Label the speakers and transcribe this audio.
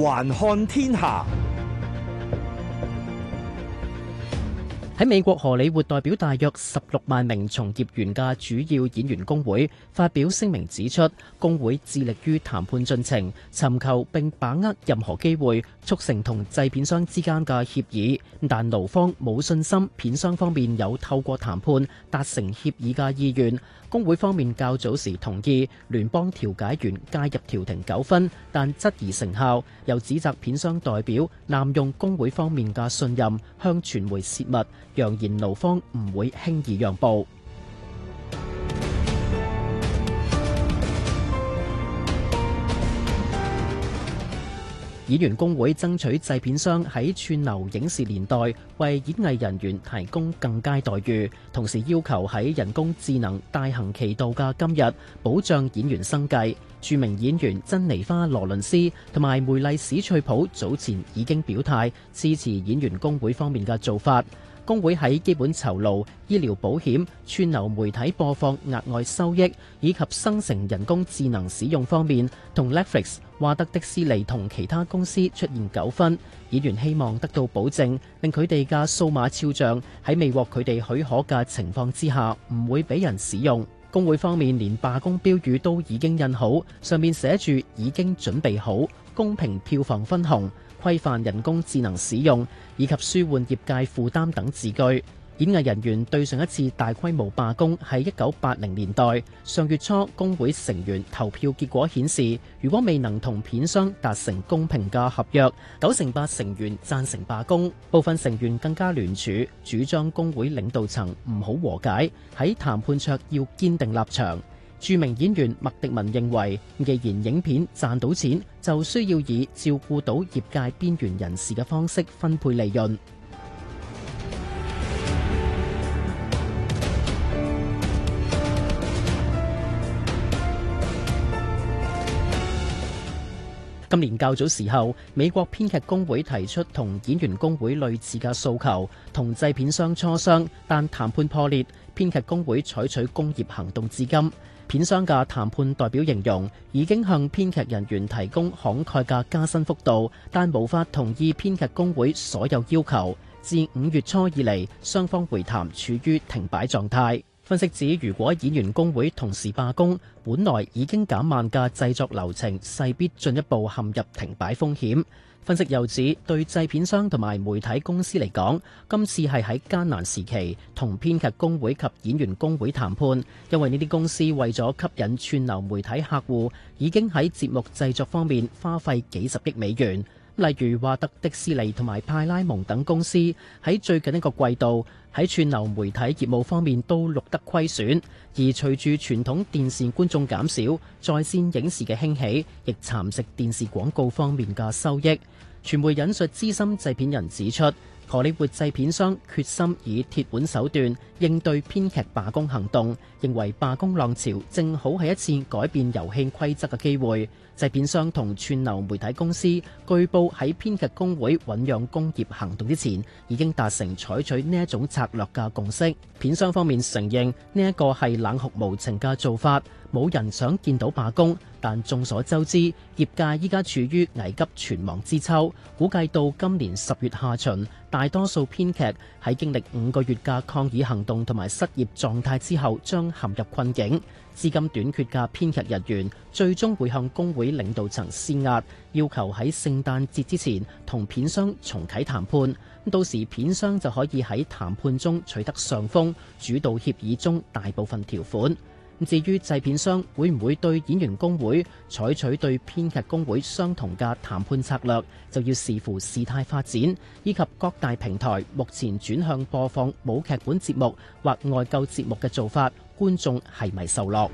Speaker 1: 環看天下。喺美國荷里活代表大約十六萬名從業員嘅主要演員工會發表聲明，指出工會致力於談判進程，尋求並把握任何機會，促成同製片商之間嘅協議。但勞方冇信心，片商方面有透過談判達成協議嘅意願。工會方面較早時同意聯邦調解員介入調停糾紛，但質疑成效，又指責片商代表濫用工會方面嘅信任，向傳媒泄密，揚言勞方唔會輕易讓步。演員工會爭取製片商喺串流影視年代為演藝人員提供更佳待遇，同時要求喺人工智能大行其道嘅今日，保障演員生計。著名演員珍妮花羅倫斯同埋梅麗史翠普早前已經表態支持演員工會方面嘅做法。工會喺基本酬勞、醫療保險、串流媒體播放額外收益以及生成人工智能使用方面，同 Netflix、華特迪士尼同其他公司出現糾紛，演員希望得到保證令佢哋嘅數碼肖像喺未獲佢哋許可嘅情況之下，唔會俾人使用。工會方面連罷工標語都已經印好，上面寫住已經準備好公平票房分紅規範人工智能使用以及舒緩業界負擔等字句。演藝人員對上一次大規模罷工喺一九八零年代。上月初工會成員投票結果顯示，如果未能同片商達成公平嘅合約，九成八成員贊成罷工。部分成員更加聯署，主張工會領導層唔好和解，喺談判桌要堅定立場。著名演員麥迪文認為，既然影片賺到錢，就需要以照顧到業界邊緣人士嘅方式分配利潤。今年較早時候，美國編劇工會提出同演員工會類似嘅訴求，同製片商磋商，但談判破裂。編劇工會採取工業行動至今。片商嘅談判代表形容已經向編劇人員提供慷慨嘅加薪幅度，但無法同意編劇工會所有要求。自五月初以嚟，雙方會談處於停擺狀態。分析指，如果演員工會同時罷工，本來已經減慢嘅製作流程勢必進一步陷入停擺風險。分析又指，對製片商同埋媒體公司嚟講，今次係喺艱難時期同編劇工會及演員工會談判，因為呢啲公司為咗吸引串流媒體客戶，已經喺節目製作方面花費幾十億美元。例如華特迪士尼同埋派拉蒙等公司喺最近一個季度喺串流媒體業務方面都錄得虧損，而隨住傳統電視觀眾減少，在線影視嘅興起亦蠶食電視廣告方面嘅收益。傳媒引述資深製片人指出。荷里活製片商決心以鐵腕手段應對編劇罷工行動，認為罷工浪潮正好係一次改變遊戲規則嘅機會，製片商同串流媒體公司據報喺編劇工會醞釀工業行動之前，已經達成採取呢一種策略嘅共識，片商方面承認呢一個係冷酷無情嘅做法。冇人想見到罷工，但眾所周知，業界依家處於危急存亡之秋。估計到今年十月下旬，大多數編劇喺經歷五個月嘅抗議行動同埋失業狀態之後，將陷入困境。資金短缺嘅編劇人員最終會向工會領導層施壓，要求喺聖誕節之前同片商重啟談判。到時片商就可以喺談判中取得上風，主導協議中大部分條款。至於製片商會唔會對演員工會採取對編劇工會相同嘅談判策略，就要視乎事態發展，以及各大平台目前轉向播放冇劇本節目或外購節目嘅做法，觀眾係咪受落？